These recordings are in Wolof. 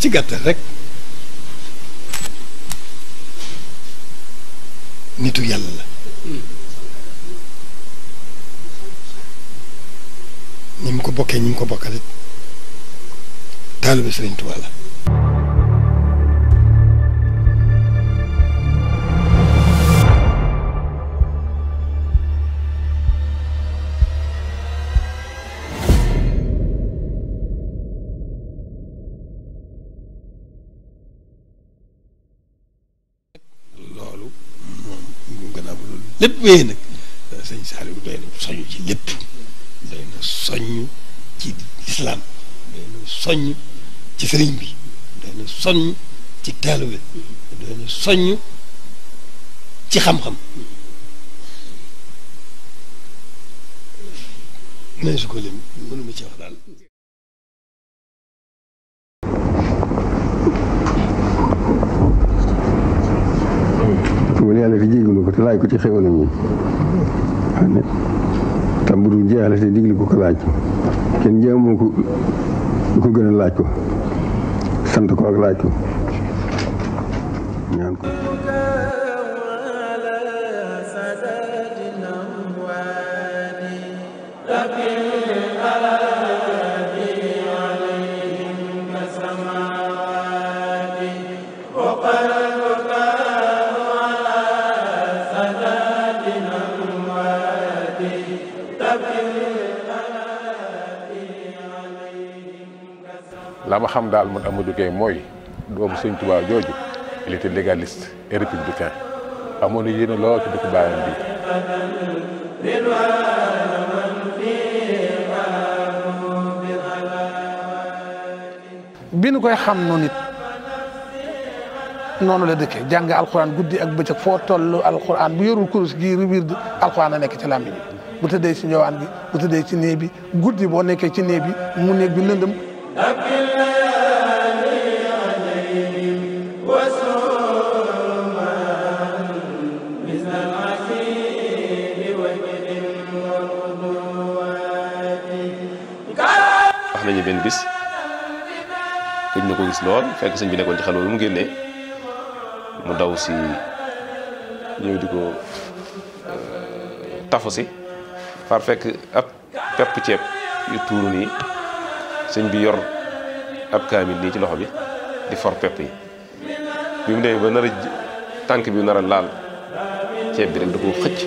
ci gàttal rek nitu yàlla la ñi mu ko bokkee ñi mu ko bokkalit taalibe Sëriñ Tuubaa la lépp wéy nag sëñ Saliou doy na ci lépp doy na soññ ci lislaam doy na ci sëriñ bi doy na ci taalibe doy na ci xam-xam nañ su ko lim mënuma ci wax daal yàlla fi ko te laaj ko ci xéwalam yi tam bu dul jeexale te diglu ko ko laaj kenn jéemoo ko lu ko gën laaj ko sant ko ak laaj ko ñaan ko Rabbi la ma xam daal man Amadou Gueye mooy doomu sëñ Tuubaa jooju il était légaliste et républicain amoon na yéene lool ci dëkk baayam bi bi koy xam noonu it noonu la dëkkee jàng alxuraan guddi ak bëccëg foo toll alxuraan bu yorul kurus gi ribiir alxuraan a nekk ci làmmiñ bi bu tëddee ci njowaan bi bu tëddee ci néeg guddi boo nekkee ci néeg bi mu néeg bi lëndëm nañu benn bis gëj na ko gis lool fekk sëñ bi nekkoon ci xel mu génnee mu daw si ñëw di euh, tafu si far fekk ab pepp ceeb yu tuuru nii sëñ bi yor ab kaamil nii ci loxo bi di for pepp yi bi mu demee ba nar tànk bi nar laal ceeb bi rek da koo xëcc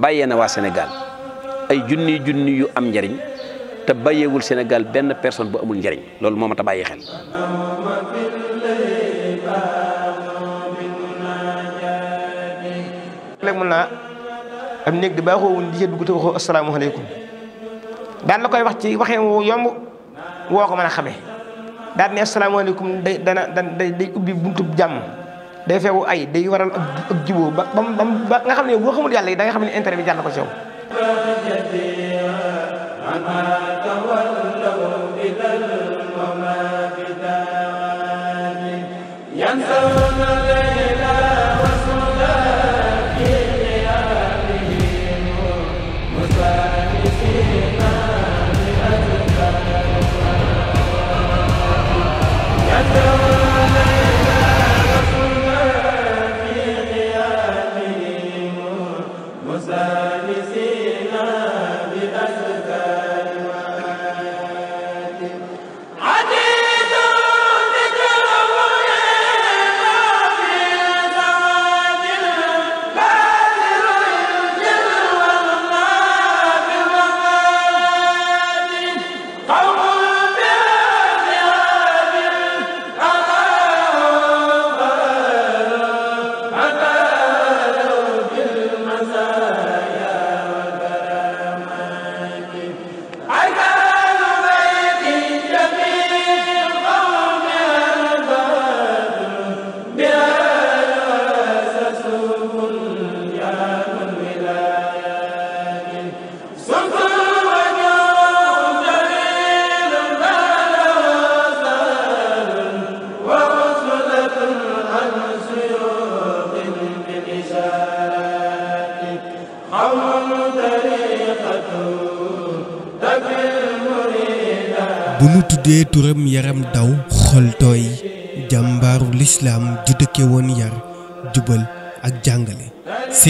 bàyyee na waa Sénégal ay junni junni yu am njariñ te bàyyeewul Sénégal benn personne bu amul njariñ loolu moo a bàyyi xel léegi mun naa am néeg di baaxoo wuñ di dugg te waxoo asalaamaaleykum daal la koy wax ci waxee wu yomb woo ko mën a xamee daal ne asalaamaaleykum day dana day day ubbi buntu jàmm day feewu ay day waral ak ak ba ba nga xam ne boo xamul yàlla yi da xam ne intere bi jàll ko ci la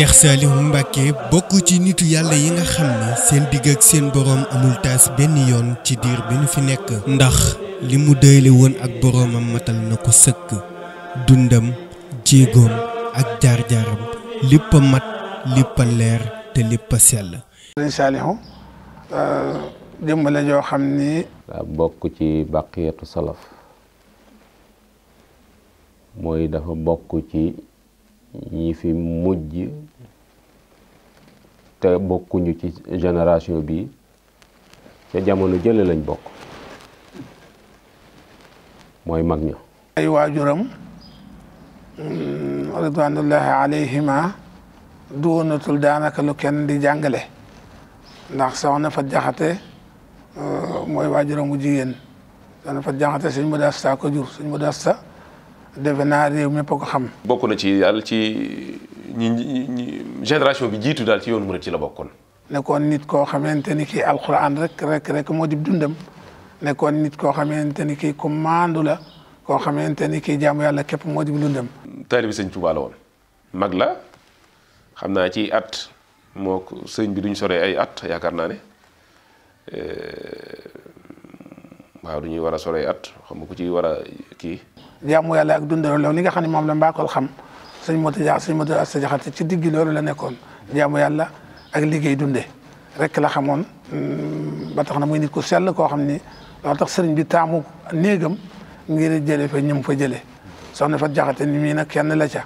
Seex Saalihu Mbàkke bokk ci nitu yàlla yi nga xam ne seen digg ak seen boroom amul taas benn yoon ci diir bi nu fi nekk ndax li mu doyle woon ak boroomam matal na ko sëkk dundam jéegoom ak jaar-jaaram lépp mat lépp leer te lépp a sell sëñ euh, jëmm la joo xam ni daa bokk ci baqiyatu salaf mooy dafa bokk ci ñi fi mujj te bokkuñu ci génération bi ca jamono jële lañ bokk mooy mag ña ay waajuram mm, ridwanullahi alayhima du woonatul daanaka lu kenn di jàngale ndax soxna Fat Jaxate uh, mooy waajuram bu jigéen soxna Fat Jaxate suñ mu daas sa ko jur suñ mu daas sa defe naa réew mépp ko xam bokk ci yàlla ci ñi génération bi jiitu daal ci yoonu murid ci la bokkoon. nekkoon nit koo xamante ni kii alxuraan rek rek rek moo di dundam nekkoon nit koo xamante ni kii ku maandu la koo xamante ni kii jaamu yàlla képp moo di dundam. taalibe sëñ Tuubaa la woon mag la xam naa ci at moo sëñ bi duñ soree ay at yaakaar naa ne eh, waaw du ñuy war a soree at xam nga ku ci war a kii. jaamu yàlla ak dundam loolu li nga xam ne moom la mbaakool xam. sëñ Modou Dia sëñ Modou Asta Jaxate ci diggi loolu la nekkoon jaamu yàlla ak liggéey dunde rek la xamoon mm, ba tax na muy nit ku sell koo xam ni loolu tax sëriñ bi taamu néegam ngir jële fa ñëm fa jële soxna fa Jaxate ni mii nag kenn la ca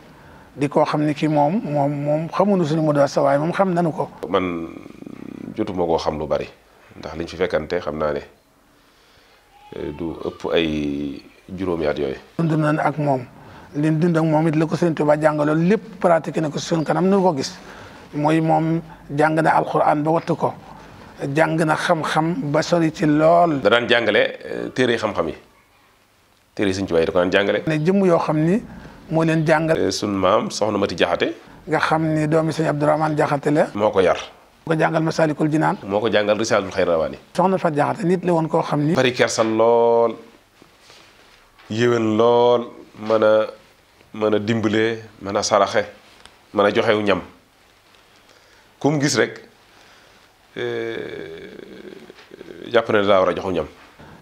di koo xam ni kii moom moom moom xamuñu suñu Modou Asta waaye moom xam nanu ko man jotuma koo xam lu bari ndax liñ fi fekkante xam naa ne eh, du ëpp ay juróomi at yooyu dund nañ ak moom li ñu ak moom it la ko Sëriñ Tuubaa jàngaloo lépp pratiqué na ko si kanam nu ko gis mooy moom jàng na alxuraan ba wattu ko jàng na xam-xam ba sori ci lool. da daan jàngale euh, téere xam-xam yi téere Sëriñ Tuubaa yi da ko daan jàngale. ne jëmm yoo xam ni moo leen jàngal. Euh, sunu maam soxna Mati Jaxate nga xam ni doomi Sëriñ Abdourahmane Jaxate la. moo ko yar. moo ko jàngal Masaalikul Jinaan. moo ko jàngal Risaalul Xayrawaani. soxna Fat Jaxate nit la woon koo xam ni. bari kersa lool yéwén lool mën a mën a dimbalee mën a saraxe mën a joxew ñam ku gis rek eh, jàpp na laa war a joxu ñam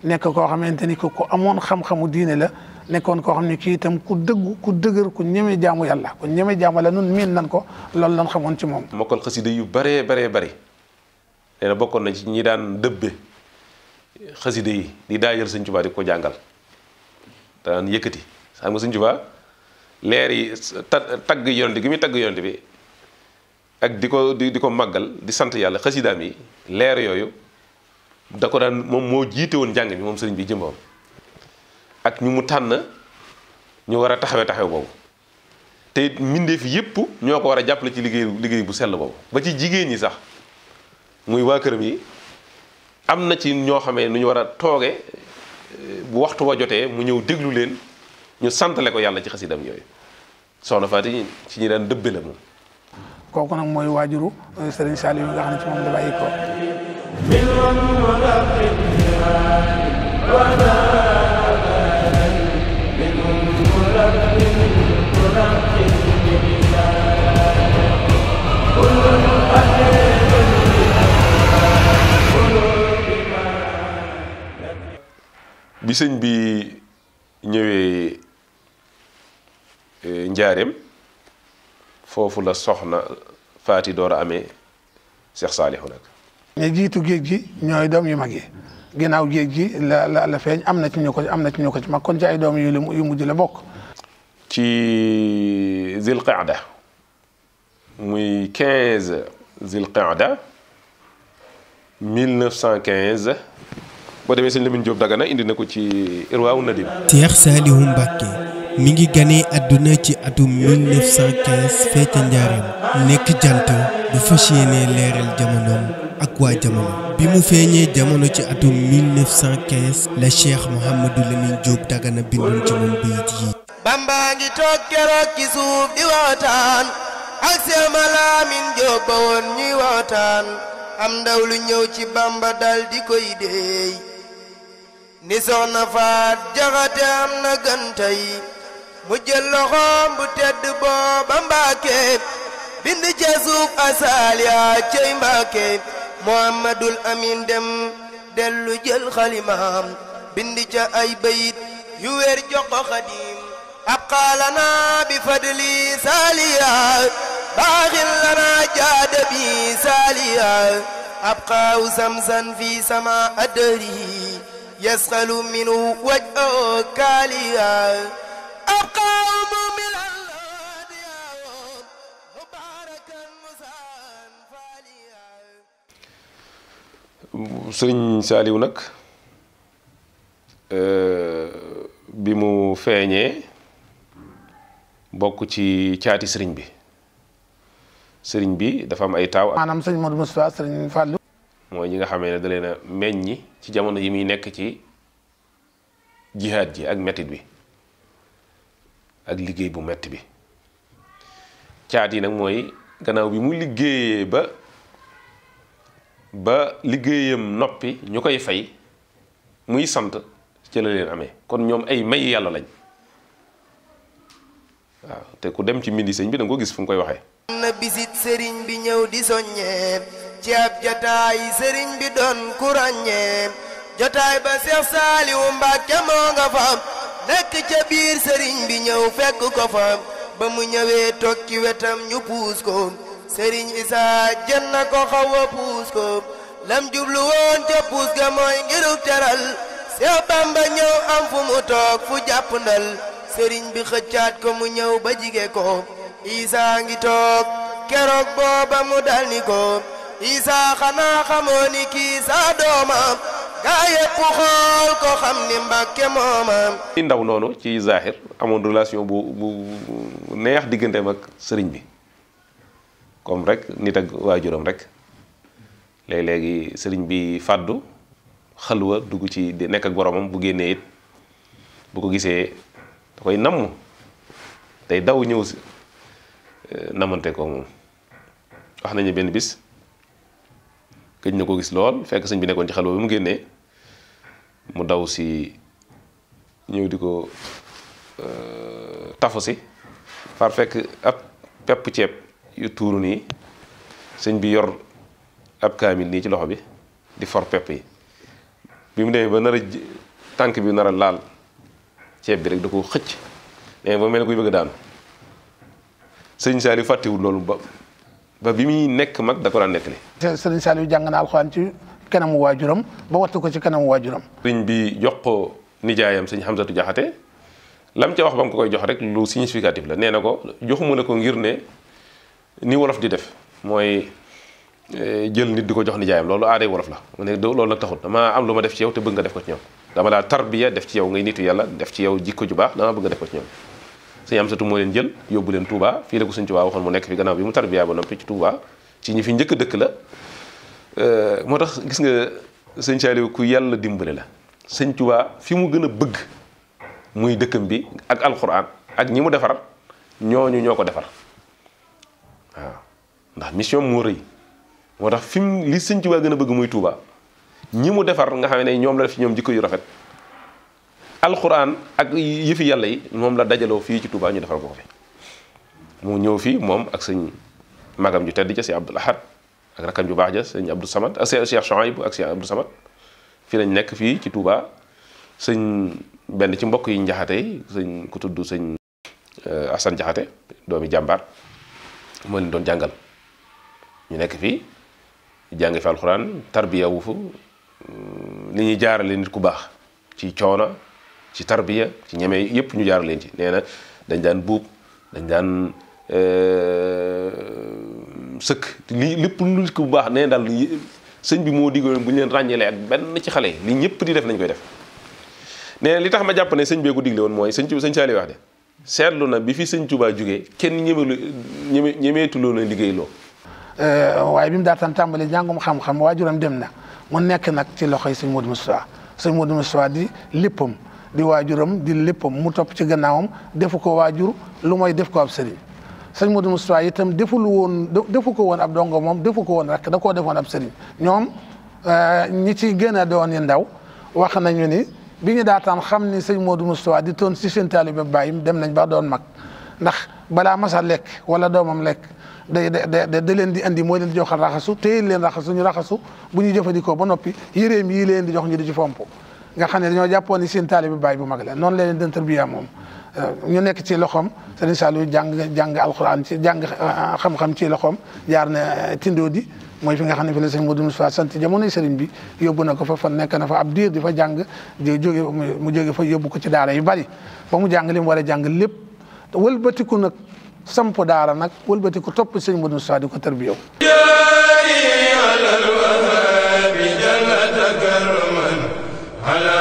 nekk koo xamante ni ko ku amoon xam-xamu diine la nekkoon koo xam ne kii itam ku dëggu ku dëgër ku ñeme jaamu yàlla ku ñeme jaamu la nun miin nan ko loolu lan xamoon ci moom mokkal xasida yu baree baree bari nee na bokkoon na ci ñi daan dëbbe xasida yi di daajal sëñ Tuubaa di ko jàngal daan yëkkati xam nga sëñ Tuubaa leer yi tagg yonent gi muy tagg yonent bi ak di ko di ko màggal di sant yàlla xasidaam yi leer yooyu da ko daan moom moo jiite woon njàng bi moom sëriñ bi jëmbam ak ñu mu tànn ñu war a taxawee taxaw boobu te it mbindeef yépp ñoo ko war a jàppale ci liggéey liggéey bu sell boobu ba ci jigéen ñi sax muy waa këram yi am na ci ñoo xamee nu ñu war a tooge bu waxtu wa jotee mu ñëw déglu leen ñu santale ko yàlla ci xasidam yooyu soxna Faati ci ñi daan dëbbe la moom kooku nag mooy waajuru euh, Serigne Saliou nga xam ci moom la bàyyi ko bi sëñ bi ñëwee njaareem foofu la soxna faati door a amee Cheikh Saalihu nag ñu jiitu géej gi ñooy doom yu mag yi ginnaaw géej gi la la la feeñ am na ci ñu ko am na ci ñu ci mag kon ci ay doom yu mu mujj la bokk ci zilqaada muy 15 zilqaada 1915 boo demee sëñ Lamine Diop Dagana indi na ko ci Irwaawu Nadim Cheikh Saalihu Mbacke mi ngi ganee àdduna ci atum 1915 fee nekk jant bu fas yéenee leeral jamonoom ak waa jamono bi mu feeñee jamono ci atum 1915 la Cheikh Mouhamadou Lamine Diop Dagana bindoon ci moom bayit yi Bamba ngi toog keroog ci suuf di waxtaan ak Cheikh Malamine Diop ba woon ñuy waxtaan am ndaw lu ñëw ci Bamba daldi koy deey ni soxna faat jaxate am na gantay mu jël loxoom bu tedd booba Mbàkke bind ca suuf asaal yaa cey Mbàkke Muhammadul Amin dem dellu jël xalimaam bind ca ay bayit yu wér jox ko Xadim abqaalana bi fadli saaliya baaxil lana jaada bi saaliya abqaaw samsan fi sama adari yasxalu minu waj o kaaliya sëriñ Saaliw nag bi mu feeñee bokk ci caati sëriñ bi sëriñ bi dafa am ay taaw. maanaam sëriñ Modou Moustapha sëriñ Fallou. mooy ñi nga xamee ne da leen a meññi ci jamono yi muy nekk ci jihaad ji ak metit bi ak liggéey bu metti bi caat yi nag mooy gannaaw bi mu liggéeyee ba ba liggéeyam noppi ñu koy fay muy sant ci la kon ñoom ay may yàlla lañ waaw te ku dem ci mbindi sëñ bi da ko gis fu mu koy waxee bisit sëriñ bi ñëw di soññee ci ab jataay sëriñ bi doon ku ràññee ba Seex Saaliwu Mbàkke moo nga fa nekk ca biir sëriñ bi ñëw fekk ko fa ba mu ñëwee toog ci wetam ñu puus ko sëriñ isa jën na ko xaw a puus ko lam jublu woon puus ga mooy ngiruk teral Seex Bamba ñëw am fu mu toog fu jàpp ndal sëriñ bi xëccaat ko mu ñëw ba jige ko isa ngi toog keroog booba mu dal ni ko isa xanaa xamoo ni kii sa doomam gaa yëpp xool ko xam ni mbàkke moomam i ndaw noonu ci zahir amoon relation bu bu neex digganteem ak sëriñ bi comme rek nit ak waajuram rek léeg-léegi sëriñ bi fàddu xalwa dugg ci di nekk ak boromam bu génnee it bu ko gisee koy namm day daw ñëw si eh, namante ko moom wax nañu benn bis gëj na ko gis lool fekk sëñ bi nekkoon ci xalwa bi mu génnee mu daw si ñëw di ko euh, tafu si far fekk ab pepp ceeb yu tuuru nii sëñ bi yor ab kaamil nii ci loxo bi di for pepp yi bi mu demee ba nar a bi nara laal ceeb bi rek da ko xëcc mais ba mel kuy bëgg daanu sëñ yu fàttewul loolu ba ba bi muy nekk mag da ko daan nettali. sëñ Saliou jàng na alxuraan ci. kanamu waajuram ba wattu ko ci kanamu waajuram sëriñ bi jox ko nijaayam sëñ Hamsatu Jaxate lam ca wax ba ko koy jox rek lu significatif la nee na ko joxuma la ko ngir ne ni di def mooy eh, jël ko jox nijaayam loolu aaday wolof la mu ne loolu nag taxut am lu ma def ci yow te bëgg nga def ko ci ñoom dama laa tarbiya def ci yow ngay nitu yàlla def ci yow jikko ju baax dama bëgg nga def ko ci moo leen jël yóbbu leen Touba fii la ko sëñ Touba waxoon nekk fi gannaaw bi mu tarbiya ba noppi ci Touba ci ñi fi njëkk dëkk la Euh, moo tax gis nga sëñ Saliou ku yàlla dimbali la sëñ Tuubaa fi mu gën a bëgg muy dëkkam bi ak alxuraan ak ñi mu defar ñooñu ñoo ko defar waaw ndax mission moo rëy moo tax fi mu li sëñ Tuubaa gën a bëgg muy Tuubaa ñi mu defar nga xam ne ñoom la def ñoom jikko yu rafet alxuraan ak yëfi yàlla yi moom la dajaloo fii ci Tuubaa ñu defar ko fi mu ñëw fii moom ak sëñ magam ju tedd ca si Abdul Ahad ak rakam ju baax ja sëñ Abdou Samad ak Cheikh Chouaib ak Cheikh Abdou Samad fii lañ nekk fii ci Touba sëñ benn ci mbokk yi njaxate yi sëñ ku tudd sëñ euh, Assane Jaxate doomi jàmbaar moo leen doon jàngal ñu nekk fii jàngi fi alxuraan tarbiya wu mm, li ñuy jaarale nit ku baax ci coono ci tarbiya ci ñeme yëpp ñu jaaraleen ci nee na dañ daan buub dañ daan euh, sëkk li lépp lu ko bu baax nee daal sëñ bi moo diggoon bu ñu ràññee ràññeelee ak benn ci xale yi li ñëpp di def nañ koy def nee li tax ma jàpp ne sëñ bee ko digle woon mooy sëñ sëñ Saaliw wax de seetlu na bi fi sëñ Tuubaa jógee kenn ñemelu ñeme ñemeetuloo na liggéey loo euh, waaye bi mu daataan tàmbali jàngum xam-xam waajuram dem na mu nekk nag ci loxoy sëñ Modou Moustapha sëñ Modou Moustapha di léppam di waajuram di léppam mu topp ci gannaawam defu ko waajur lu mooy def ko ab sëriñ sëñ Modou Moustapha itam deful woon defu ko woon ab dongo moom defu ko woon rek da koo defoon ab sëriñ ñoom eh, ñi ci gën a doon yi ndaw wax nañu ni bi ñu daataan xam ni sëñ Modou Moustapha di toon si seen ba bàyyi dem nañ ba doon mag ndax balaa masa lekk wala doomam lekk day da da leen di andi moo leen di joxal raxasu téye leen raxasu ñu raxasu bu ñu jëfandikoo ba noppi yëreem yi leen di jox ñu di ci fomp nga xam ne dañoo jàppoon ni seen taalibe bàyyi bu mag la noonu la leen dën tarbiya moom ñu nekk ci loxoom Serigne Saliou jàng jàng alxuraan ci jàng euh, xam ci loxoom jaar na tindo di mooy fi nga xam ne fi la sëñ Modou jamono sant jamonoy sëriñ bi yóbbu na ko fa fa nekk na fa ab diir di fa jàng mu jóge fa yóbbu ko ci daara yu bari ba mu jàng li mu war a jàng lépp wëlbatiku nag samp daara nag wëlbatiku topp sëñ Modou Moustapha di ko tërbiyew ala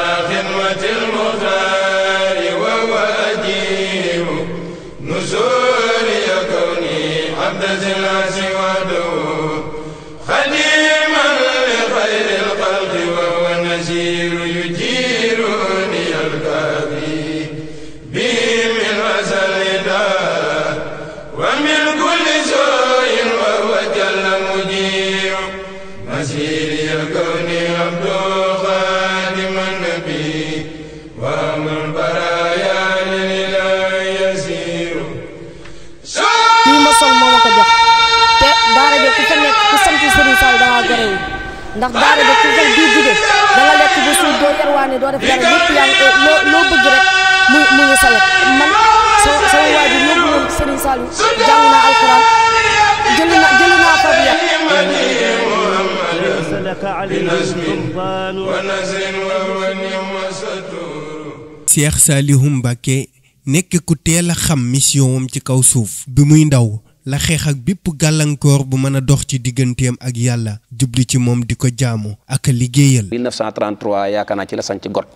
Cheikh Saliou Mbacké nekk ku teel a xam mission wam ci kaw suuf bi muy ndaw la xeex ak bépp gàllankoor bu mën a dox ci digganteem ak yàlla jubli ci moom di ko jaamu ak liggéeyal. 1933 yaakaar naa ci la sanc got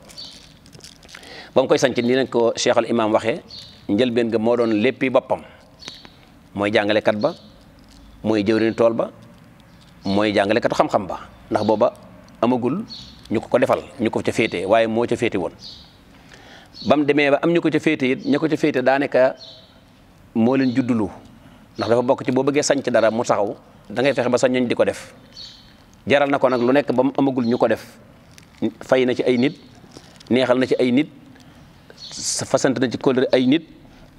ba mu koy sanc nii nañ ko Cheikh al Imaam waxee njëlbeen ga moo doon léppi boppam mooy jàngalekat ba mooy jëwriñ tool ba mooy jàngalekatu xam-xam ba ndax booba amagul ñu ko ko defal ñu ko ca féete waaye moo ca féete woon. ba mu demee ba am ñu ko ca féete it ña ko ca féete daanaka moo leen juddulu ndax dafa bokk ci boo bëggee sañc dara mu taxaw da ngay fexe ba sa ñoñ di ko def jaral na ko nag lu nekk ba mu amagul ñu ko def fey na ci ay nit neexal na ci ay nit fasant na ci kóllëre ay nit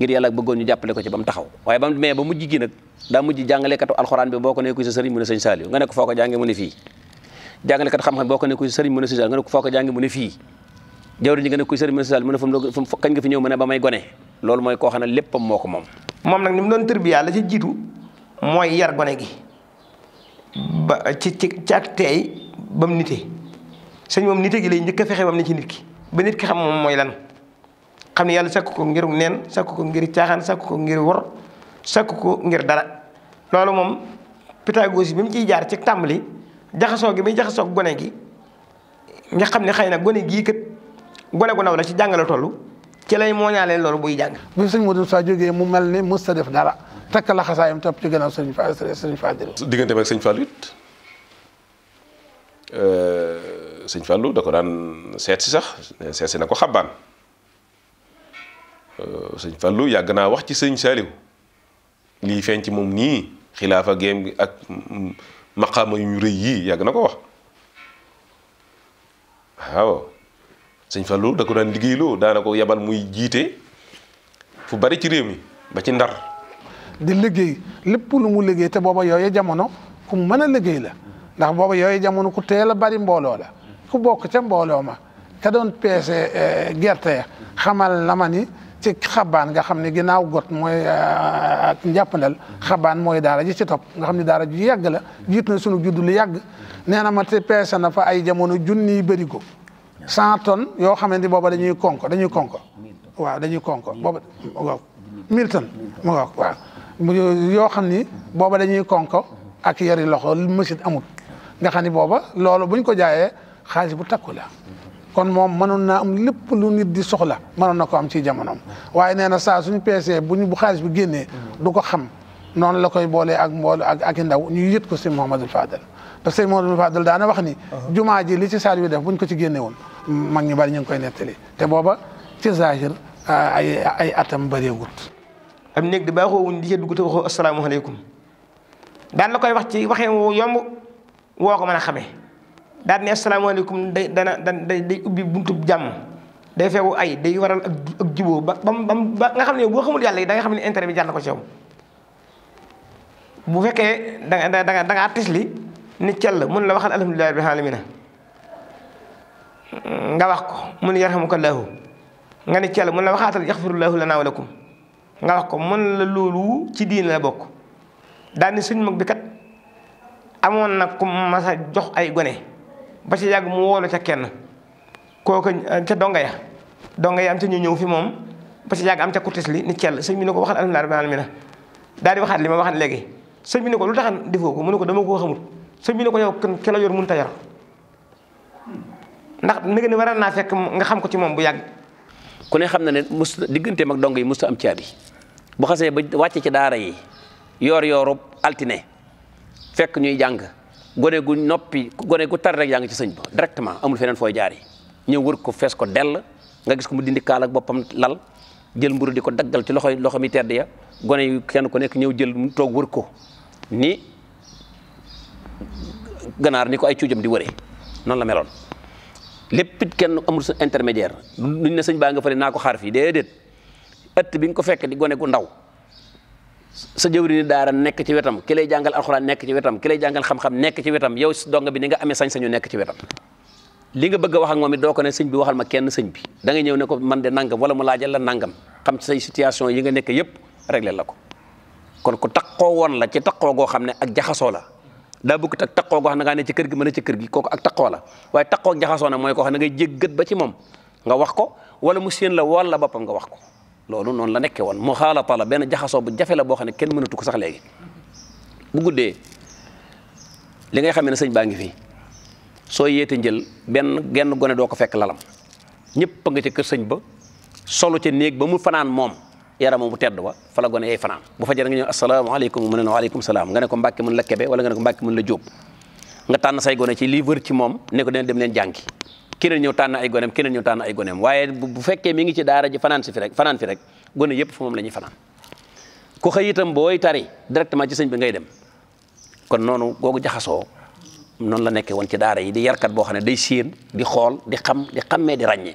ngir yàlla bëggoon ñu jàppale ko ci ba taxaw waaye ba mu demee ba mujj gi nag daa mujj jàngalekatu alxuraan bi boo ko nekku sa sëriñ mu ne sëñ Saliou nga ne ko foo ko jànge mu ne fii sa sëriñ mu ne sëñ Saliou nga ne ko foo ko jànge mu ne jawri ñi nga ne kuy sëriñ Mansour Sall mu ne fu mu kañ nga fi ñëw mu ne ba may gone loolu mooy koo xam ne léppam moo ko moom moom nag ni mu doon tërbiyaa la ci jiitu mooy yar gone gi ci ci ci ak teey ba mu sëñ moom nite gi lay njëkk a ne ci nit ki ba ki xam moom mooy lan xam ne yàlla sakku ko ngir neen sakku ko ngir caaxaan sakku ko ngir wor sakk ko ngir dara loolu moom pédagogie bi mu ciy jaar ci tàmbali jaxasoo gi muy jaxasoo gone gi nga xam ne xëy na gone gii kat gone gu ndaw ci jàng la toll ci lay mooñaalee loolu buy jàng. bi sëñ Modou Moussa jógee mu mel ni mës ta def dara takk la xasaayam topp ci gannaaw sëñ Fall sëñ Fallou. diggante ak sëñ Fallou it euh, sëñ Fallou da ko daan seet sax seet si na ko xabaan euh, sëñ Fallou yàgg naa wax ci sëñ Saliou lii feeñ ci moom nii xilaafa géem gi ak maqaama yu rëy yii yàgg na ko wax waaw. sëñ Fallou da ko daan liggéeyloo daana ko yebal muy jiite fu bari ci réew mi ba ci ndar. di liggéey lépp lu mu liggéey te booba yooyu jamono ku mën a liggéey la ndax booba yooyu jamono ku teel a bari mbooloo la ku bokk ca mbooloo ma ka doon peese eh, gerte xamal na ma ci xabaan nga xam ne ginnaaw got mooy eh, ak njàppandal xabaan mooy daara ji ci topp nga xam ne daara ji yàgg la jiit na sunu judd lu yàgg nee na ma te peese na fa ay jamono junniy bëri ko cent tonnes yoo xamante booba dañuy konko dañuy konko waaw dañuy konko booba mu ngoog mille tonnes mu yoo xam ni booba dañuy konko ak yari loxo machine amut nga xam ni booba loolu buñ ko jaayee xaalis bu takku la kon moom mënoon naa am lépp lu nit di soxla mënoon na ko am ci jamonoom waaye nee na saa suñ peesee bu ñu bu xaalis bu génnee du ko xam noonu la koy boolee ak mboolu ak ak i ndaw ñu yët ko si Mouhamadou Fadel te sëñ Modou mi wax ni jumaa ji li ci saar bi def buñ ko ci génne woon mag ñu bari ñu ngi koy nettali te booba ci zahir ah, ay ay atam bëreegut am néeg di baaxoo wuñ di ca dugg te waxoo asalaamaaleykum daan la koy wax ci waxee woo woo ko mën a xamee daan ne asalaamaaleykum day day day ubbi buntub jàmm day feewu ay day waral ak ak ba bam bam ba nga xam ne boo xamul yàlla yi da nga xam ne intere bi jàll ko ci yow bu fekkee da nga tisli ni cell mun la waxal alhamdulillahi rabbil alamina wax ko mun yarhamukallahu nga ni cell mun la waxaatal yaxfirullahu lana wa lakum nga wax ko mun la loolu ci diine la bokk daal ni suñ mag bi kat amoon na kum masa jox ay gone ba ci yàgg mu woolu ca kenn kooku eh, ca donga ya donga ya am ca ñu ñëw fi moom ba ci yàgg am ca kurtis li ni cell sëñ bi ne ko waxal alhamdulillahi rabbil alamina daal di waxaat li ma waxaat léegi sëñ bi ne ko lu taxan defoo ko mu ne ko dama koo xamul sëñ bi ko yow ki la yor mënut a ndax nga ne waral naa fekk nga xam ko ci moom bu yàgg. ku ne xam na ne mus digganteem mag dong yi mosut am caabi bu xasee ba wàcce ci daara yi yor-yoru altine fekk ñuy jàng gone gu noppi gone gu tar rek jàng ci sëñ ba directement amul feneen fooy jaari ñëw wër ko fees ko dell nga gis ko mu dindi kaal boppam lal jël mburu di ko daggal ci loxo loxo mi tedd ya gone kenn ku nekk ñëw jël mu toog wër ko ni. ganaar ni ko ay cuujam di wëree noonu la meloon lépp it kenn amul sa intermédiaire luñ ne sëñ baa nga fële naa ko xaar fii déedéet ëtt bi nga ko fekk di gone gu ndaw sa jëwri ni daara nekk ci wetam ki lay jàngal alxuraan nekk ci wetam ki lay jàngal xam-xam nekk ci wetam yow donga bi ni nga amee sañ-sañu nekk ci wetam li nga bëgg a wax ak moom it doo ko ne sëñ bi waxal ma kenn sëñ bi dangay ñëw ne ko man de nangam wala mu laajal la nangam xam ci say situation yi nga nekk yëpp réglé la ko kon ku takkoo woon la ci takkoo goo xam ne ak jaxasoo la daa bëgg tak taqoo goo xam ne ngaa kër gi mën a ci kër gi kooku ak taqoo la waaye taqoo njaxasoo nag mooy koo xam ne ngay jéggat ba ci moom nga wax ko wala mu séen la wal la boppam nga wax ko loolu noonu la nekkee woon mu xaalata la benn jaxasoo bu jafe la boo xam ne kenn mënatu ko sax léegi bu guddee li ngay xamee ne sëñ baa ngi fi soo yeete njël benn genn gone doo ko fekk lalam ñëpp nga ca kër sëñ ba solu ca néeg ba mu fanaan moom yaramam bu tedd ba fa la gone yey fanaan bu fajar nga ñëw asalaamaaleykum mu ne la waaleykum salaam nga ne ko mbàkke mën la kebe wala nga ne ko mbàkke mën la jóob nga tànn say gone ci lii wër ci moom ne ko dina dem leen jàngi keneen ñëw tànn ay goneem keneen ñëw tànn ay goneem waaye bu fekkee mi ngi ci daara ji fanaan si fi rek fanaan gone yëpp fa moom la ñuy fanaan ku xëy itam booy tari directement ci sañ ba ngay dem kon noonu googu jaxasoo noonu la nekkee woon ci daara yi di yarkat boo xam ne day séen di xool di xam di xammee di ràññee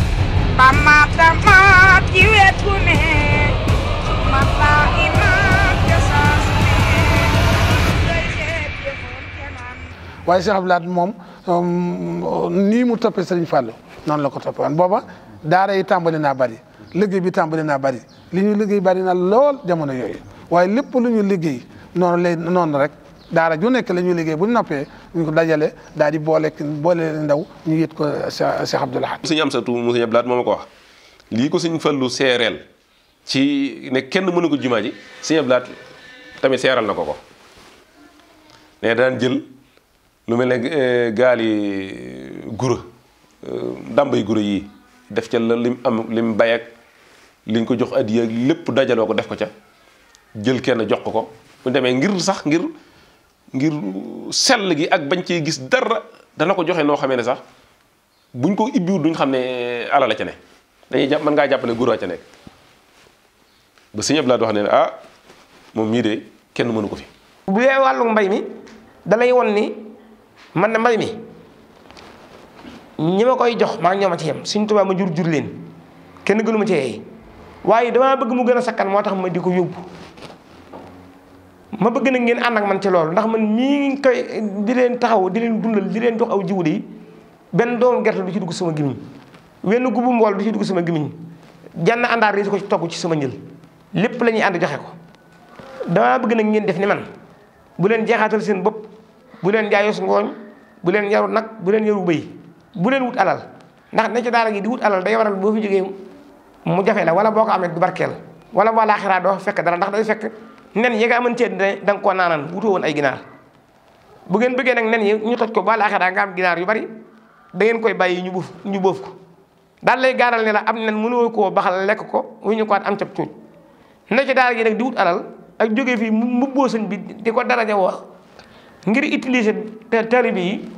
Pamata mati wetune Mata imat kesasne waaye Cheikh Abdoulaye moom um, nii mu toppee Serigne Fallou noonu la ko toppee woon booba daara yi tàmbali naa bari liggéey bi tàmbali naa bari li ñu liggéey bari na lool jamono yooyu waaye lépp lu ñu liggéey noonu lay noonu rek daara ju nekk la ñuy liggéey bu ñu noppee ñu ko dajale daal di boole boole ndaw ñu yët ko Cheikh Abdoul Ahad suñu am sa tu mu suñu Abdoul Ahad moo ko wax lii ko suñ fallu seereel ci ne kenn mënu ko jumaa ji suñu Abdoul Ahad tamit seeral na ko ko ne daan jël lu mel ne eh, gaal yi eh, gura eh, dàmbay gura yi def ca la lim am lim bay ak liñ ko jox addiya lépp dajaloo ko def ko ca jël kenn jox ko ko bu demee ngir sax ngir ngir sell gi ak bañ cee gis dara dana ko joxe noo xamee ne sax buñ ko ibbiwul duñ xam ne alal la ca ne dañuy jàpp mën ngaa jàpp ne góor a ca nekk ba sëñ Abdoulaye wax ne ah moom mii de kenn mënu ko fi. bu dee wàllum mbay mi dalay won ni man na mbay mi ñi ma koy jox maa ngi ñoom ci yem suñ tubaab ma jur jur leen kenn gënu ma ci waaye damaa bëgg mu gën a sakkan moo tax ma di ko yóbbu. ma bëgg nag ngeen ànd ak man ci loolu ndax man mii koy di leen taxaw di leen dundal di leen jox aw jiwu yi benn doomu gerte du ci dugg sama gimiñ wenn gubu mbool du ci dugg sama gimiñ jann àndaar yi ko ci togg ci sama njël lépp la ñuy ànd joxe ko damaa bëgg na ngeen def ni man bu leen jeexaatal seen bopp bu leen jaayos ngooñ bu leen yaru nag bu leen yaru bëy bu leen wut alal ndax ne ci daara gi di wut alal day waral boo fi jógee mu jafe la wala boo ko amee du barkeel wala boo laaxiraa doo fekk dara ndax day fekk nen yi nga aman ne da nga koo naanaan wutoo woon ay ginaar bu ngeen bëggee nag nen yi ñu toj ko ba laaxira nga am ginaar yu bari da ngeen koy bàyyi ñu bëf ñu bëf ko daal lay gaaral ne la am nen mënoo koo baxal lekk ko wu ñu ko at am cab cuuj ne ci gi nag di wut alal ak jógee fii mbubboo sëñ bi di ko daraja wax ngir utiliser tari bi yi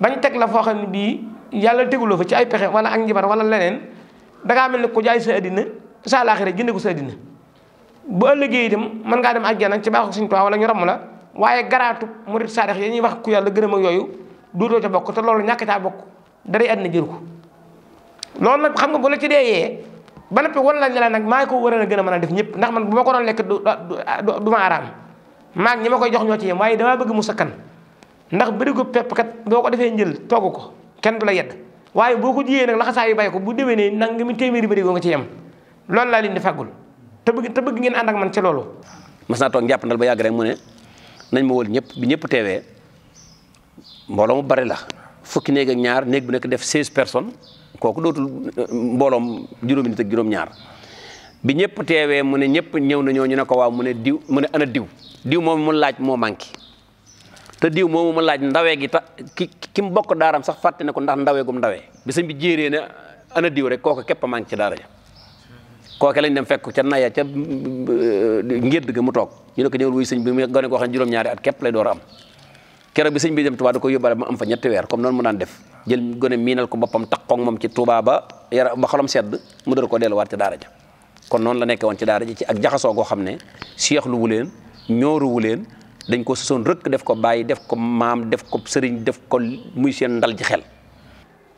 bañ teg la foo xam ne bii yàlla teguloo fa ci ay pexe wala ak njibar wala leneen dangaa ngaa mel ne jaay sa addina sa laaxira jënde ko sa bu ëllëgee itam mën ngaa dem ak àjjana ci baaxu Sëñ Tuubaa wala ñu ramm la waaye garaatu murit saadix yi ñuy wax ku yàlla gërëm ak yooyu duutoo ca bokk te loolu ñàkk caa bokk daray àddina jëru ko loolu nag xam nga bu la ci deeyee ba noppi wan lañ la nag maa ngi ko waroon a gën a mën a def ñëpp ndax man bu ma ko doon lekk du du ma araam ma koy jox ñoo ci yem waaye damaa bëgg mu sakkan ndax bërigo pepp kat boo ko defee njël togg ko kenn la yedd waaye boo ko jiyee nag laxasaa yu bay ko bu déwénee nag nga mi téeméeri bërigo nga ci yem loolu laa leen di fàggul te bëgg te bëgg ngeen ànd ak man ci loolu. mas naa toog njàppandal ba yàgg rek mu ne nañ ma wol ñëpp bi ñëpp teewee mbooloo mu bari la fukki néeg ak ñaar néeg bi nekk def 16 personnes kooku dootul mbooloom juróomi nit ak juróom-ñaar bi ñëpp teewee mu ne ñëpp ñëw nañoo ñu ne ko waaw mu ne diw mu ne ana diw diw moom mu laaj moo manqué te diw moomu mu laaj ndawee gi tax ki ki mu bokk daaram sax fàtte ne ko ndax ndawee gum ndawee bi sëñ bi jéeree ne ana diw rek kooku képp a manqué ci daara kooke lañ dem fekk ca naya ca euh, ngédd mu toog ñu ne ko ñëwal wuy sëñ bi mu gone koo xam ne juróom-ñaari at képp lay door am keroog bi sëñ bi dem Touba da ko yóbbaale mu am fa ñetti weer comme noonu mu daan miinal ko boppam takkoog moom ci ba yara ba sedd mu door koo waat ci daara ja kon noonu la nekkee woon ci daara ji ci ak jaxasoo goo xam ne seexlu wu leen ñooru leen dañ ko sosoon rëkk def ko bàyyi def ko maam def ko sëriñ def ko muy seen ndal ji xel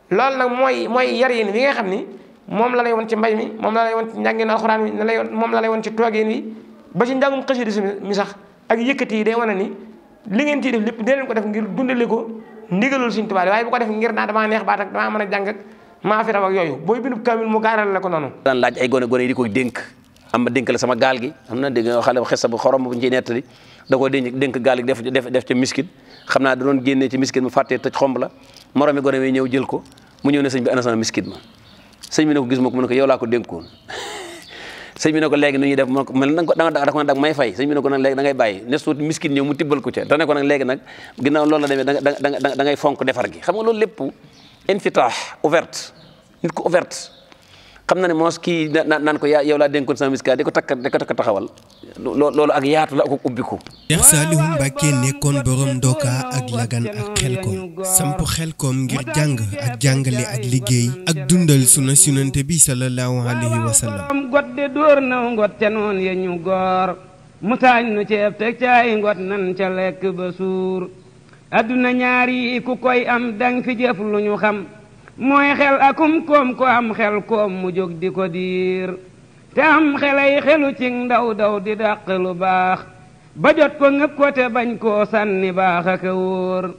loolu nag mooy mooy yar yi ni nga xam ni moom la lay woon ci mbay mi moom la lay woon ci njàngin alxuraan mi moom la woon ci toogin wi ba ci njàngum xasida si mi sax ak yëkkati yi day wane ni li ngeen ciy def lépp dina leen ko def ngir dundale ko ndigalul Sëriñ Tuubaa waaye bu ko def ngir naa damaa neex baat ak damaa a jàng ak maa fi raw ak yooyu booy bindu kaamil la ko noonu daan laaj ay gone gone yi di ko dénk am ma dénk sama gaal gi am na dégg xale xesa bu xorom buñu ciy nettali da koo dénk dénk gaal gi def def xam naa da doon génnee ci miskin mu fàttee tëj xomb la moromi gone yi ñëw jël ko mu ñëw ne sëñ bi ana sama miskin ma sëñ bi ne ko gis ma ko mu ko yow laa ko dénkoon sëñ bi ne ko léegi nu ñuy def mu ne ko man danga ko danga ko danga may fay sëñ bi ne ko nag léegi da ngay bàyyi ne suut miskin ñëw mu tibbal ko ca dane nag léegi nag ginnaaw demee da fonk defar gi xam nga loolu lépp infitah ouverte nit ko ouverte xam na ne moos kii naan ko yaa yow laa dénkoon sama miska di ko takk di ko takk taxawal loolu ak yaatu la ak ubbiku Cheikh Saliou Mbacké nekkoon borom Ndoka ak Lagan ak Xelkom samp Xelkom ngir jàng ak jàngale ak liggéey ak dundal suna sunante bi sa alayhi wa sallam am got de dóor naw ngot ca noon ya ñu goor mu taañ nu ceeb teg caay ngot nan ca lekk ba suur adduna ñaar yi ku koy am dang fi jëf lu ñu xam mooy xel akum koom ko am xel koom mu jóg di ko diir te am xelay xelu ci ndaw daw di dàq lu baax ba jot ko ngëb te bañ koo sànni baax ak a wóor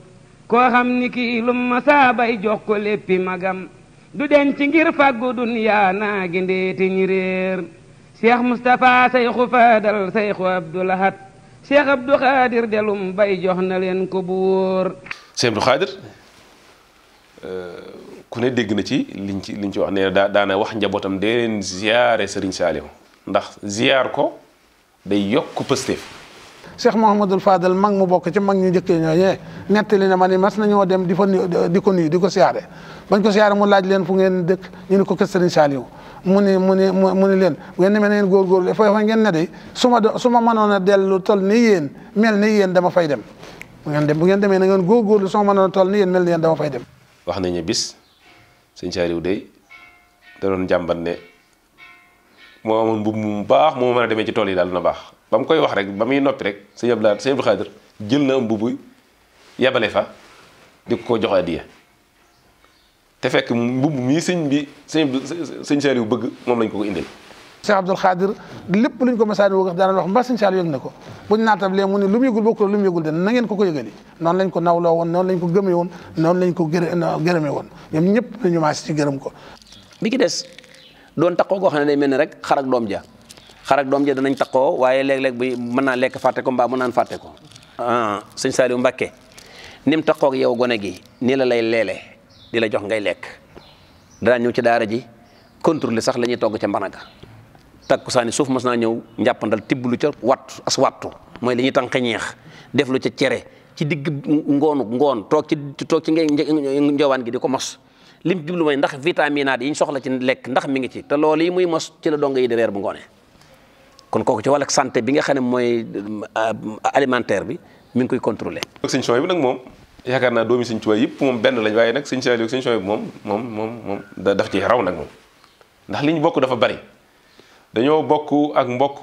koo xam ni kii lum ma saa bay jox ko léppi magam du denc ngir fàggu dunyaa naa gi ndeeti réer cheikh moustapha seyxu faadal seyxu abdoulahat cheikh abdou xaadir delum bay jox na leen ko bu wóor cheikh abdou xaadir euh, ku ne dégg na ci liñ ci liñ ci wax ne daa daana wax njabootam dee leen ziyaare Serigne Saliou ndax ziyaar ko day yokk pëstéef Cheikh Mouhamadul Fadal mag mu bokk ci mag ñu njëkkee ñooñee nettali na ma ni mas nañoo dem di fa di ko nuyu di ko siyaare bañ ko siyaare mu laaj leen fu ngeen dëkk ñu ni ko kër Serigne Saliou mu ni mu ni mu ni leen ngeen ne mel ngeen góorgóorlu fa fa ngeen ne de su ma ma mënoon a dellu ni mel ni yéen dama fay dem bu ngeen dem bu ngeen demee na ngeen góorgóorlu su ma mënoon a tol ni yéen mel ni yéen dama fay dem wax nañu bis sëñ Saaliw day da jàmbat ne moo amoon mbubb mu baax moo mën a demee ci tool yi daal na baax ba mu koy wax rek ba muy noppi rek sëñ Abdou sëñ Abdou Xaadir jël na am mbubb yebale fa di ko jox addiya te fekk mbubb mii sëñ bi sëñ sëñ Saaliw bëgg moom lañ ko ko indil Cheikh Abdoul Khadir lépp luñ ko masaan woo a wax mbaa Sëñ Saliou yëg na ko buñ naatab lee mu ne lu mu yëgul bokkul lu mu de na ko ko yëgali noonu lañ ko nawloo woon noonu lañ ko gëmee woon noonu lañ ko gërë gërëmee woon ñoom ñëpp nañu maas ci gërëm ko bi ki des doon taxoo koo xam ne day mel ni rek xarak doom ja xarak doom ja danañ taxoo waaye léeg-léeg bi mën naa lekk fàtte ko mbaa mën naan fàtte ko ah, Sëñ Saliou Mbacké nim taxoo yow gone gi nii la lay leele di la jox ngay lekk danaa ñëw ci daara ji contrôler sax la ñuy togg ca mbanaga ko takkusaani suuf mas naa ñëw njàppandal tibb lu ca wattu as wattu mooy li ñuy tànqe ñeex def lu ca cere ci digg ngoonu ngoon toog ci toog ci ngay njowaan gi di ko mos lim jublu mooy ndax vitamine yi ñu soxla ci lekk ndax mi ngi ci te loolu yi muy mos ci la donga yi di reer bu ngoonee kon kooku ci wàllu santé bi nga xam ne mooy euh, alimentaire bi mu ngi koy contrôler sëñ Suwayb bi nag moom yaakaar naa doomi sëñ Suwayb yëpp moom benn lañ waaye nag sëñ Saaliw ak sëñ Suwayb moom moom moom moom daf ci raw nag moom ndax li ñu bokk dafa bari dañoo bokk ak mbokk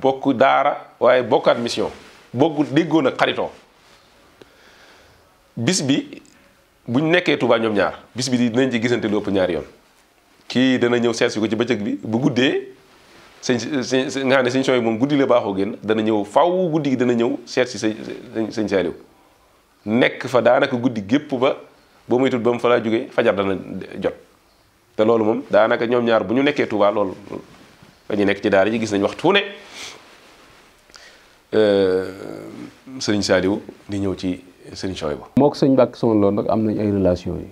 bokk daara waaye bokkaat mission bokk déggoo nag xaritoo bis bi buñ nekkee Touba ñoom ñaar bis bi dinañ ci gisante lu ëpp ñaari yoon kii dana ñëw seet si ko ci bëccëg bi bu guddee sëñ sëñ nga xam ne moom guddi baaxoo génn dana ñëw faw guddi gi dana ñëw seet si sëñ Saaliw nekk fa daanaka guddi gépp ba boo muy tut ba mu fa laa jógee fajar dana jot te loolu moom daanaka ñoom ñaar bu ñu nekkee Touba loolu ba ñu nekk ci daara ji gis nañ waxtu ne euh, sëriñ Saaliw di ñëw ci sëriñ Soyba. moo ko sëñ Mbàkke sama loolu nag am nañ ay relation yu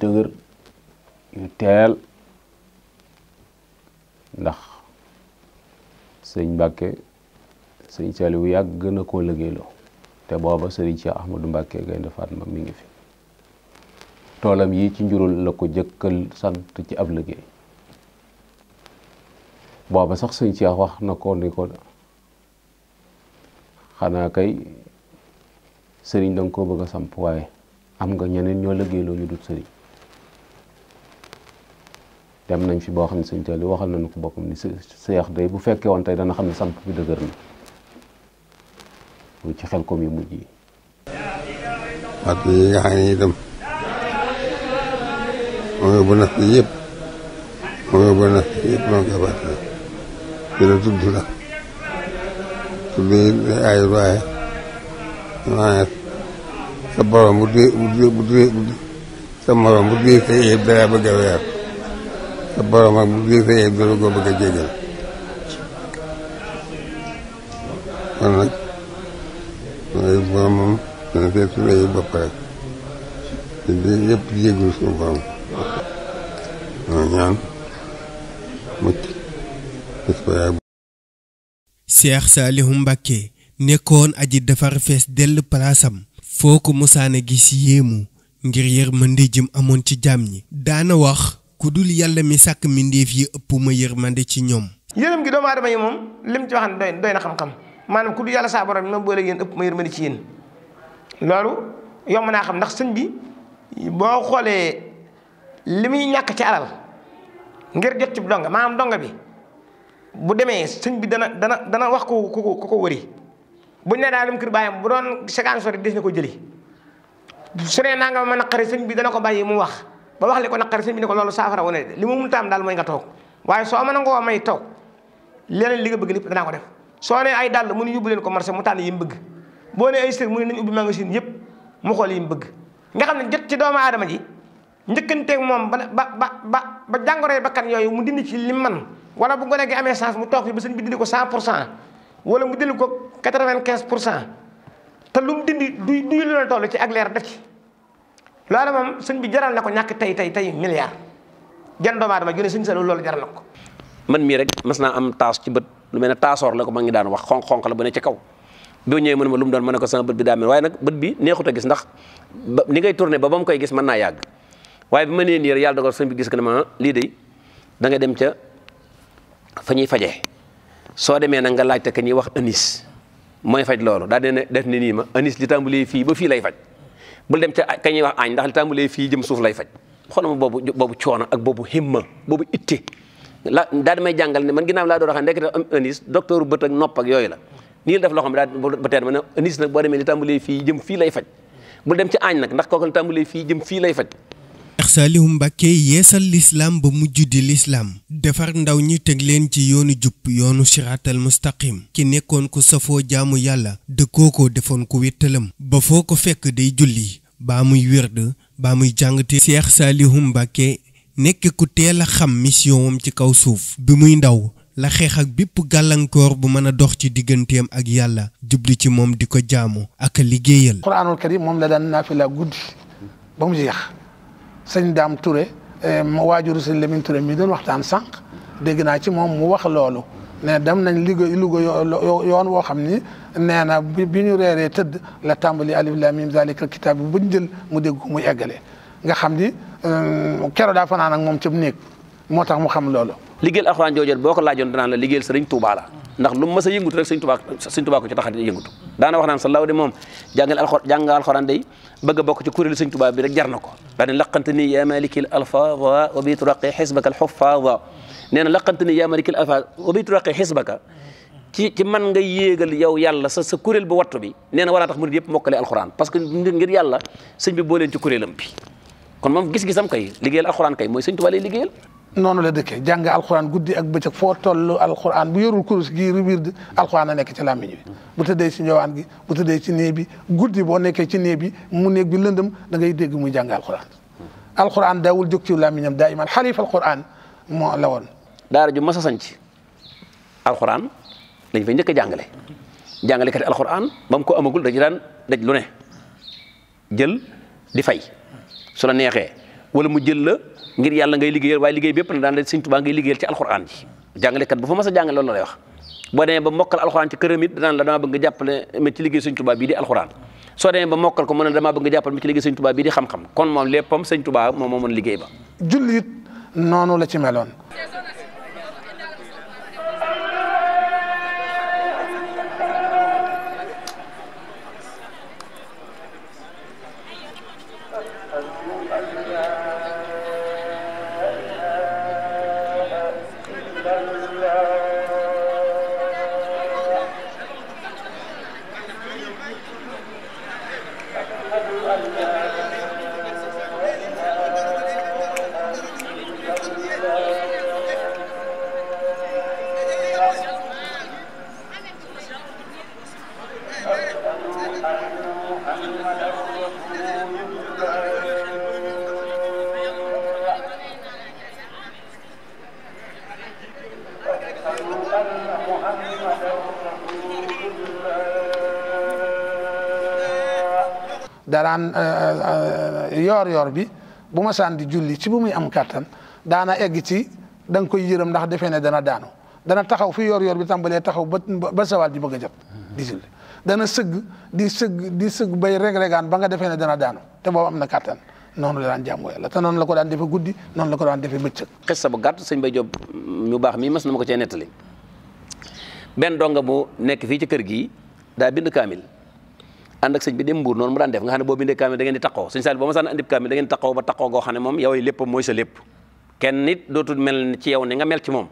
dëgër yu teel ndax sëñ Mbàkke sëñ Saaliw yàgg gën a koo liggéeyloo te booba sëriñ Cheikh Ahmadou Mbàkke Gaynde Fatma mi ngi fi toolam yi ci njurul la ko jëkkal sant ci ab liggéey ba sax sëñ Cheikh wax na ko ni xanaa kay sëriñ danga ko bëgg a samp waaye am nga ñeneen ñoo liggéeyloo ñu dut sëriñ dem nañ fi boo xam ne sëñ Tali waxal nañu ko boppam ni day bu fekkee woon tey dana xam ne samp bi dëgër na muy ci xel kom yu mujj yi at yi nga xam ne itam mooy bu nas yëpp mooy bu nas yëpp moo koy dina tudd la tudd yi ay waaye maanaam sa borom bu dee bu dee bu dee sa morom bu dee sa yëpp dara bëgg a weer sa borom ak bu dee sa yëpp dara koo bëgg a jégal kon nag mooy borom moom dana seet suñu yëpp bopp rek te yëpp jégalu suñu borom ñaan sa Saliou Mbacké nekkoon aji defar fees dell palaasam foo ko musaane gis yéemu ngir yërmande jëm amoon ci jaam yi daana wax ku dul yàlla mi sàkk mbindéef yi ëpp ma yërmande ci ñoom yërëm gi doomu aadama yi moom lim ci waxam doy doy na xam-xam maanaam ku dul yàlla saa borom bi ma boole yéen ëpp ma yërmande ci yéen loolu yomb naa xam ndax sëñ bi boo xoolee li muy ñàkk ci alal ngir jot ci donga maanaam donga bi bu demee sëñ bi dana dana dana wax ko ko ko wëri buñ ne daa kër baayam bu doon séquence sori des na ko jëli su nee naa nga ma naqari sëñ bi dana ko bàyyi mu wax ba wax li ko naqari sëñ bi ne ko loolu saafara wane li mu mënta am daal mooy nga toog waaye soo mën a ngoo may toog leneen li nga bëgg lépp danaa ko def soo ne ay dàll mu ne leen ko marché mu tànn yi bëgg boo ne ay sër mu ne nañ ubbi magasin yëpp mu xool yi mu bëgg nga xam ne jot ci doomu aadama ji njëkkanteeg moom ba ba ba ba jàngoree bakkan yooyu mu dindi ci li man wala bu gone gi amee chance mu toog fi ba sëñ bi dindi ko 100 pour cent wala mu dindi ko 95 pour cent te lu mu dindi du du lu la toll ci ak leer def ci loolu moom sëñ bi jaral na ko ñàkk tey tey tey milliard jan doomu aadama junne sëñ sa loolu jaral na ko. man mii rek mas naa am taasu ci bët lu mel ne taasoor la ko ma ngi daan wax xonq-xonq la bu ne ci kaw boo ñëwee mën ma lu mu doon mën ne ko sama bët bi daa mel waaye nag bët bi neexut gis ndax ba li ngay tourné ba ba mu koy gis mën naa yàgg waaye bi ma nee nii yàlla dogal sëñ bi gis ko ne ma lii de da nga dem ca fa ñuy fajee soo demee nag nga laajte ka ñuy wax anis mooy faj loolu daa ne def ne nii ma anis li tàmbalee fii ba fii lay faj bu dem ca ka ñuy wax ndax li fii jëm suuf lay faj xoolal ma boobu boobu coono ak boobu himma boobu itti la daa damay jàngal ne man ginnaaw laa doon xam ndekete am anis docteur bët ak nopp yooyu la nii def loo xam ne daa ba teer ma ne anis nag boo demee li tàmbalee fii jëm fii lay faj bul dem ci añ nag ndax kooku li tàmbalee fii jëm fii lay faj Saliou Mbacke yeesal lislaam ba mujj di lislaam defar ndaw ñi teg leen ci yoonu jub yoonu siraatal mustaqim ki nekkoon ko safoo jaamu yàlla dëkkoo ko defoon ko wéttalam ba foo ko fekk dey julli baa muy wérd baa muy jàngte Seex Saliou Mbacke nekk ku teel a xam mission wam ci kaw suuf bi muy ndaw la xeex ak bépp gàllankoor bu mën a dox ci digganteem ak yàlla jubli ci moom di ko jaamu ak liggéeyal. Quraanul Karim moom la daan naafila guddi sëñ Dame Touré eh, ma waajuru sëñ Lamine Touré mi doon waxtaan sànq dégg naa ci moom mu wax loolu ne dem nañ liggéey Louga yoon woo xam ni nee na bi ñu reeree tëdd la tàmbali alif lam mim zalika kitaab bi buñ jël mu dégg muy eggale nga xam ni euh, kero daa fanaan ak moom cam néeg moo tax mu xam loolu liggéeyal alxuraan jooju boo ko laajoon danaan la liggéeyal sëriñ Tuubaa la ndax lu mu mës a yëngutu rek sëriñ Tuubaa sëriñ ko ci tax a yëngutu daana wax naan sa law de moom jàngal alxur jàng alxuraan day bëgg a bokk ci kuréelu sëriñ Tuubaa bi rek jar na ni yaa malikil alfaada alfaada wa bi turaqi xisbaka ci ci man nga yéegal sa sa kuréel wattu bi nee na war a tax murid yëpp mokkale alxuraan parce que ngir yàlla sëñ bi bi kon moom noonu la dëkkee jàng alxuraan guddi ak bëccëg foo toll alxuraan bu yorul kurus gi ribiir di alxuraan a nekk ci làmmiñ bi bu tëddee ci njowaan gi bu tëddee ci néeg bi guddi boo nekkee ci néeg bi mu néeg bi lëndëm da ngay dégg muy jàng alxuraan alxuraan daawul jóg ci làmmiñam daa iman xalifa alxuraan moo la woon daara ju mas a sanc alxuraan dañ fay njëkk a jàngale jàngalekat yi alxuraan ba ko amagul dañu daan daj lu ne jël di fay su la neexee wala mu jël la ngir yàlla ngay liggéeyal waaye liggéey bépp na daan la sëñ Tuubaa ngay liggéeyal ci alxuraan ji jàngalekat bu fa mas a jàngale loolu lay wax boo demee ba mokkal alxuraan ci këram it la damaa ma ci liggéey sëñ Tuubaa bii di alxuraan soo demee ba mokkal ko nga jàppale ma liggéey sëñ Tuubaa bii xam-xam kon moom léppam sëñ Tuubaa moom moo liggéey ba jullit noonu la ci meloon daraan eh, eh, eh, yor yoor bi bu ma di julli ci bu muy am kàttan daana egg ci da nga koy yërëm ndax defe ne dana daanu dana taxaw fi yoor yoor bi tàmbalee taxaw ba ba sawaal ji bëgg a disil dana sëgg di sëgg di sëgg bay reg-regaan ba nga defee ne dana daanu te boo am na kattan noonu la daan jàmmoo yàlla te noonu la ko daan defee guddi noonu la ko daan defee bëccëg xissa bu gàtt sëñ Bay Jóob ñu mii mas na ma ko cee nettali benn donga bu nekk fii ci kër gi daa bind kaamil ànd ak sëñ bi dem mbuur noonu mu daan def nga xam ne boo bindee kaamil da ngeen di taqoo sëñ Saaliw ba ma saan andib kaamil da ngeen di taqoo ba taqoo goo xam ne moom yow lépp mooy sa lépp kenn nit dootul mel ci yow ni nga mel ci moom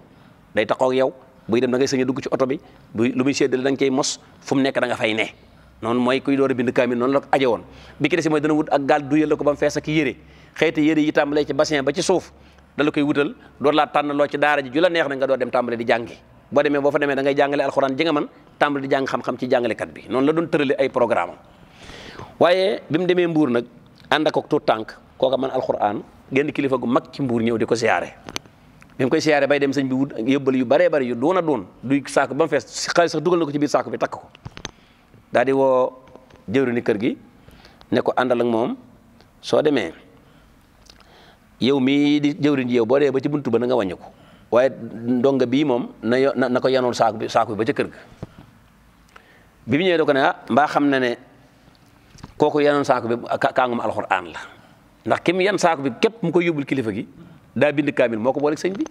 day taqoo ak yow buy dem da ngay dugg ci oto bi bu lu muy séddale da nga mos fu mu nekk danga nga fay ne noonu mooy kuy door a bind kaamil noonu la aje woon bi ki desi mooy dana wut ak ko ba mu fees ak yére xëyte yére yi tàmbalee ci ba ci suuf dala koy wutal door laa tànn loo ci daara ji ju la neex na nga door dem tàmbale di jàngi boo demee boo fa demee da ngay jàngale alxuraan ji nga man tàmbale di bi noonu la doon tërale ay programme waaye bi mu demee mbuur nag ànd ak ak tuut tànk kooka man alxuraan génn kilifa gu mag ci mbuur ñëw di ko siyaare bi mu koy siyaare bay dem sëñ bi wut yëbbal yu baree bari yu doon a doon duy saako ba fees xaalis dugal na ko ci biir saako bi takk ko daal di woo jëwri ni kër gi ne ko àndal ak moom soo demee yow mii di jëwrin ji yow boo dee ba ci buntu ba na nga ko waaye ndonga bii moom na yo ko yanoon saako bi saako ba ca kër ga bi mu ñëwee da ko ne ah mbaa xam na ne kooku yanoon saako bi kàngum alxuraan la ndax ki mu yan saako bi képp mu koy yóbbul kilifa gi daa bind kaamil moo ko booleeg sëñ bi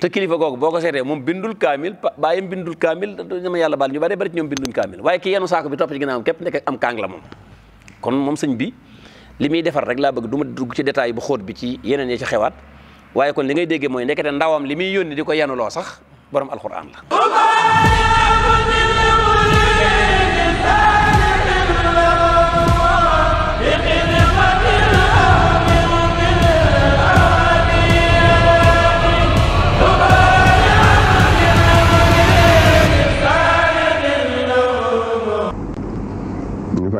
te kilifa googu boo ko seetee moom bindul kaamil bàyyam bindul kaamil dama yàlla baal ñu bari bari ci ñoom binduñ kaamil waaye ki yenu saako bi kon moom sëñ bi li muy defar rek laa bëgg du ma dugg ci détail bu xóot bi ci yeneen yi ci xewaat waaye kon li ngay déggee mooy nekkete ndawam li muy yónni di ko yenuloo sax borom alxuraan la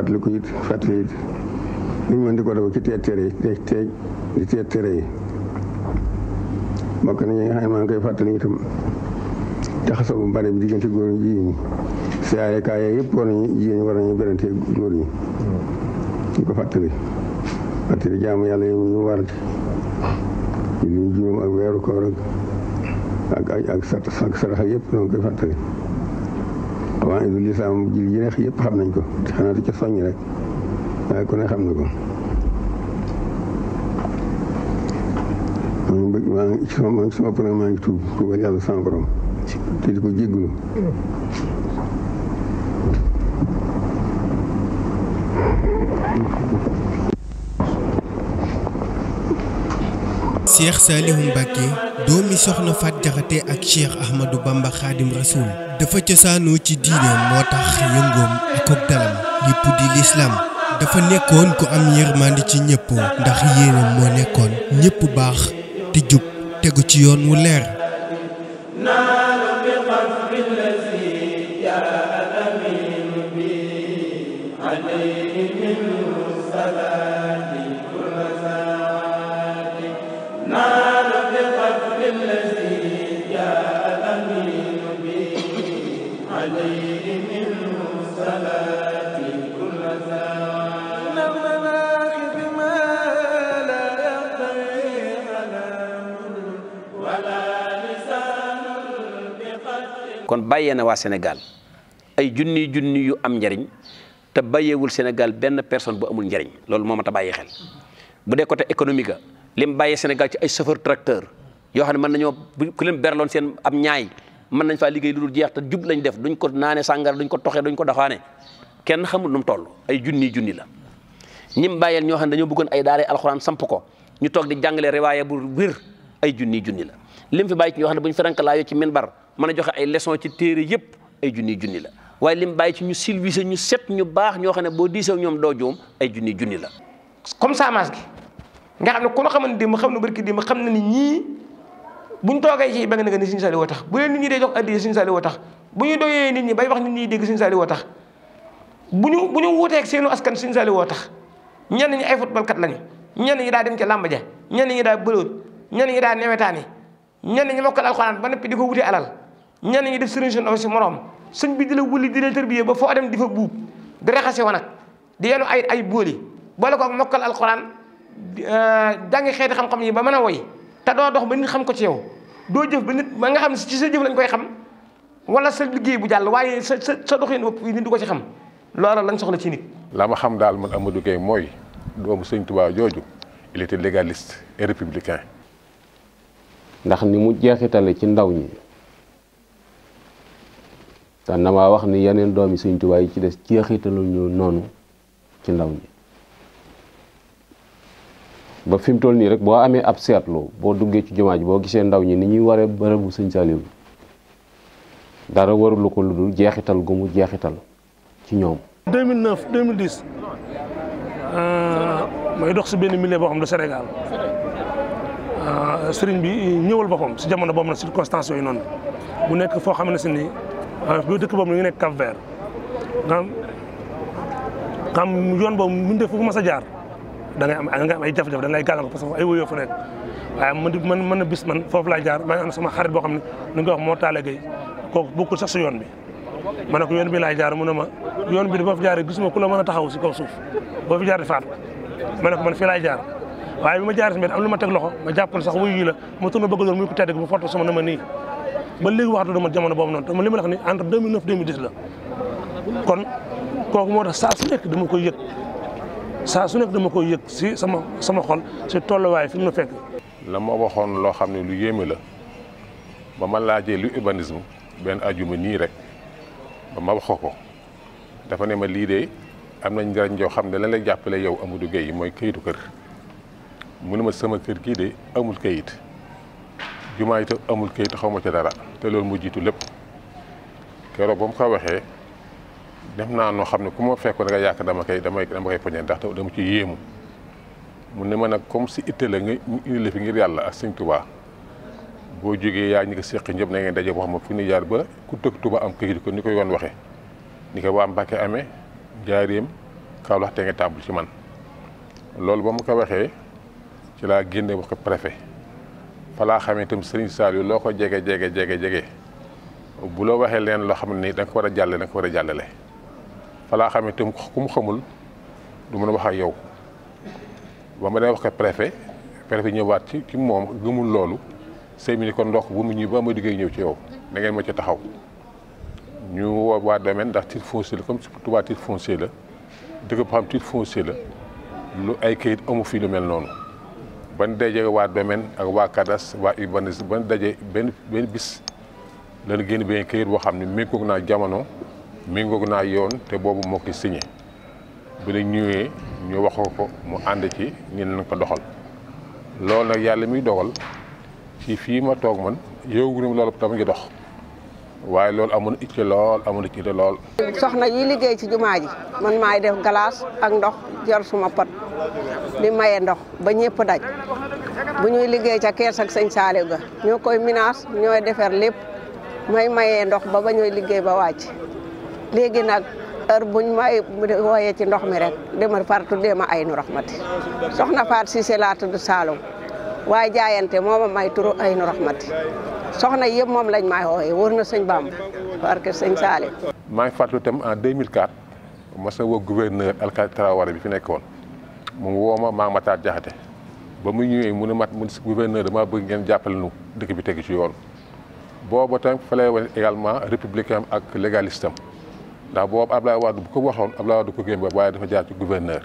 ko def ci teetere yi te te di teetere yi mbokk nañu nga xam koy fàttali itam jaxasoo bu bare bi diggante góor ñi jigéen ñi siyaare kaay yëpp war nañu jigéen ñi war nañu berante góor ñi ko fàttali fàttali jaamu yàlla yi ñu war ñu juróom ak weeru koor ak ak ak sarax yëpp ñoo ngi koy avant idu lislaam ji li yéex yëpp xam nañ ko xanaa di ca soññ rek waaye ku xam na ko maa ngi ci sama ci maa ngi tuub tuubal yàlla sama borom Cheikh Saliou Mbacké doomi soxna Faat Jaxate ak Cheikh Ahmadou Bamba Xaadim Rasuul dafa cosaanoo ci diine moo tax yëngoom ak ak dalam lépp di lislaam dafa nekkoon ku am yërmande ci ñëpp ndax yéenam moo nekkoon ñëpp baax te jub tegu ci yoon wu leer bàyyee na waa Sénégal ay junni junni yu am njariñ te bàyyeewul Sénégal benn personne bu amul njariñ loolu moom ma ta bàyyi xel bu dee côté économique a lim bàyyee Sénégal ci ay chauffeur tracteur yoo xam ne mën nañoo ku leen berloon seen am ñaay mën nañ faa liggéey lu jeex te jub lañ def duñ ko naane sàngara duñ ko toxee duñ ko dafaane kenn xamul nu toll ay junni junni la ñim bàyyeel ñoo xam ne dañoo bëggoon ay daaree alxuraan samp ko ñu toog di jàngale riwaaya bu wér ay junni junni la lim fi bàyyi ci ñoo xam ne bu ñu fi rank laayoo mën a joxe ay lessons ci téere yëpp ay junni junni la waaye lim bàyyi ci ñu silvisé ñu set ñu baax ñoo xam ne boo diisew ñoom doo joom ay junni junni la comme saamaas gi nga xam ne ku nu xamante démb xam nu barki démb xam na ni ñii buñ toogee ci ba nga ne ni Sëñ Saliou woo tax bu leen nit ñi day jox addiya Sëñ Saliou woo tax bu ñu doyee nit ñi bay wax nit ñi dégg Sëñ Saliou woo tax bu ñu bu ñu wuuteeg seenu askan Sëñ Saliou woo tax ñenn ñi ay football kat lañu ñenn ñi daa dem ca làmb ja ñenn ñi daa bëlóot ñenn ñi daa newetaani ñenn ñi mokkal alxuraan ba noppi di ko wutee alal ñenn ñi def sëriñ si ndaw si moroom sëñ bi di la wuli di la tërbiyee ba foo dem di fa buub di raxase wanag di yenu ay ay booli boole ko ak mokkal alxuraan euh, jàngi xeeti xam-xam yi ba mën a woy te doo dox ba nit xam ko ci yow doo jëf ba nit ba nga xam ci sa jëf lañ koy xam wala sa liggéey bu jàll waaye sa sa sa doxin bopp nit du ko ci xam loola lañ soxla ci nit. la ma xam daal man Amadou Gueye mooy doomu sëñ Tuubaa jooju il légalist légaliste ndax ni mu jeexitale ci ndaw ñi. te damaa wax ni yeneen doom yi Sëñ Tuubaa yi ci des jeexitalu ñu noonu ci ndaw ñi ba fi mu toll nii rek boo amee ab seetlu boo duggee ci jumaa boo gisee ndaw ñi ni ñuy waree bërëbu Sëñ Saaliw dara warulu ko lu dul jeexital gu mu jeexital ci ñoom. 2009 2010 may dox si benn milieu boo xam ne Sénégal euh, sëriñ bi ñëwal boppam si jamono boobu nag circonstances yooyu noonu mu nekk foo xam ne si nii. waaw bu dëkk boobu ñu ngi nekk Cap Vert xam yoon boobu mu def foofu mas a jaar da ngay am da ngay am ay jafe-jafe da ngay gàllankoor ay wóyoo fa nekk waaye man man mën na bis man foofu laay jaar maa ngi am sama xarit boo xam ne nu nga wax moo taale gay kooku si yoon bi ma ne ko yoon bi laay jaar mu ne ma yoon bi boo fi jaaree gisuma ku la mën a taxaw si kaw suuf boo fi jaar di faatu ma ne ko man fii laay jaar waaye bi ma jaaree si mbedd am lu ma teg loxo ma jàppoon sax wuyu yi la ma tourné bëgg doon muy ko tedd gi mu foto sama ne ma nii ba léegi waxtu dama jamono boobu noonu te li ma la wax ni entre 2009 2010 la kon kooku moo tax saa su nekk dama koy yëg saa su nekk dama koy yëg si sama sama xol si tolluwaay fi mu na fekk. la ma waxoon loo xam ne lu yéeme la ba ma laajee lu urbanisme benn ajuma nii rek ba ma wax ko dafa ne ma lii de am nañ njëriñ yoo xam ne lan lay jàppale yow Amadou Gueye mooy kayitu kër mu ne ma sama kër kii de amul kayit. jumaa yi amul kayit xaw ma ca dara te loolu mu jiitu lépp keroog ba mu ka waxee def naa noo xam ne ku ma fekkoon nga yàq dama koy dama koy poñe ndax dama ci yéemu mu ne ma nag comme si itte la nga indi la fi ngir yàlla ak sëñ Tuubaa boo jógee yaa ñi ko séq ñëpp na ngeen daje boo xam ne fu ñu jaar ba ku tëkk Tuubaa am kayit ko ni ko yoon waxee ni ko waa Mbàkke amee jaareem Kaolack te nga tàmbul ci man loolu ba mu ko waxee ci laa génne wax ko préfet fa laa xam itam sëriñ Saliou loo ko jege jege jege jege bu la waxee leen loo xam ne nii da ko war a jàlle da nga ko war a jàllale fa laa xam itam ku mu xamul du mën a wax ak yow ba ma demee wax ko préfet préfet ñëwaat ci ci moom gëmul loolu sëñ bi ni kon ndox bu mu ñuy ba ma diggee ñëw ci yow da ngeen ci taxaw ñu woo waa domaine ndax titre foncier la comme Touba titre foncier la dëkk boo xam titre foncier la lu ay kayit amu fii lu mel noonu. ban daje waa domaine ak waa kadas waa urbanisme ban daje benn benn bis lañu génn benn këyit boo xam ne méngoog naa jamono méngoog naa yoon te boobu moo ko signé bu ñu wax ko mu ànd ci ñu nañ ko doxal loolu nag yàlla miy dogal ci fii ma toog man yow loolu tam ngi dox. waaye loolu amoon itte lool amoon itte lool. soxna yi liggéey ci jumaa ji man maay def glace ak ndox jar suma pot ni maye ndox ba ñëpp daj bu ñuy liggéey ca kees ak sëñ Saliou ga ñoo koy minaas ñooy defer lépp may mayee ndox ba ba ñooy liggéey ba wàcc léegi nag heure buñ may wooyee ci ndox mi rek dama fartu dema ay nu raxmati soxna Faat Cissé laa tudd Saloum waaye jaayante moo ma may turu ay nu raxmati soxna yëpp moom lañ may wooyee wër na sëñ Bamba parce que sëñ Saali. maa ngi fàttaliku itam en 2004 mos na woo gouverneur Alkali Traoré bi fi nekkoon mu woo ma maa Matar Jaxate ba mu ñëwee mu ne mat mu gouverneur damaa bëgg ngeen jàppale nu dëkk bi teg ci yoon. boobu tam fa lay wane également républicain ak légaliste am ndax boobu Ablaye Wade bu ko waxoon Ablaye Wade ko gëm waaye dafa jaar ci gouverneur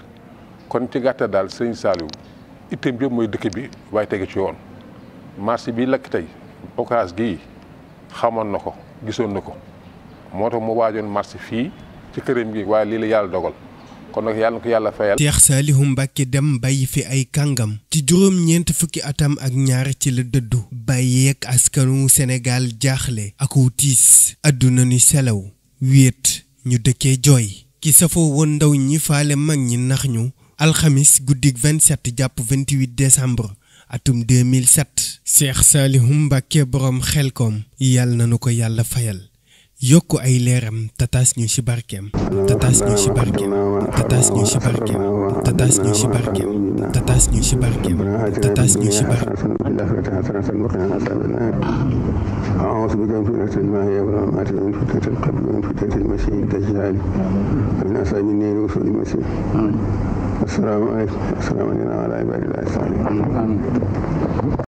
kon ci gàttal daal sëñ Saliou. itteem yëpp mooy dëkk bi waaye tege ci yoon marché bi lakk tey occas gi xamoon na ko gisoon na ko moo tax mu waajoon marché fii ci këram gi waaye lii la yàlla dogal kon nag yàlla na ko yàlla fayal. Cheikh Saliou Mbacké dem bàyyi fi ay kàngam. ci juróom-ñeent fukki atam ak ñaar ci la dëddu. bàyyeek askanu Sénégal jaaxle. ak wu tiis àdduna ni selew wéet ñu dëkkee jooy. ki safoo woon ndaw ñi faale mag ñi nax ñu. alxamis guddik 27 jàpp 28 décembre atum 2007 seex saalihum mbàkke boroom xelkoom yàlla nanu ko yàlla fayal yokk ay leeram tataas ñu ci barkeem tataas ñu ci barkeem tataas ñu ci barkeem tataas ñu ci barkeem tataas ñu ci barkeem tataas ñu ci barkeem أعوذ بك من فتنة الماء والممات ومن فتنة القبر ومن فتنة المسيح الدجال ومن أصحاب النيل وسوء المسير السلام عليكم السلام علينا وعلى عباد الله الصالحين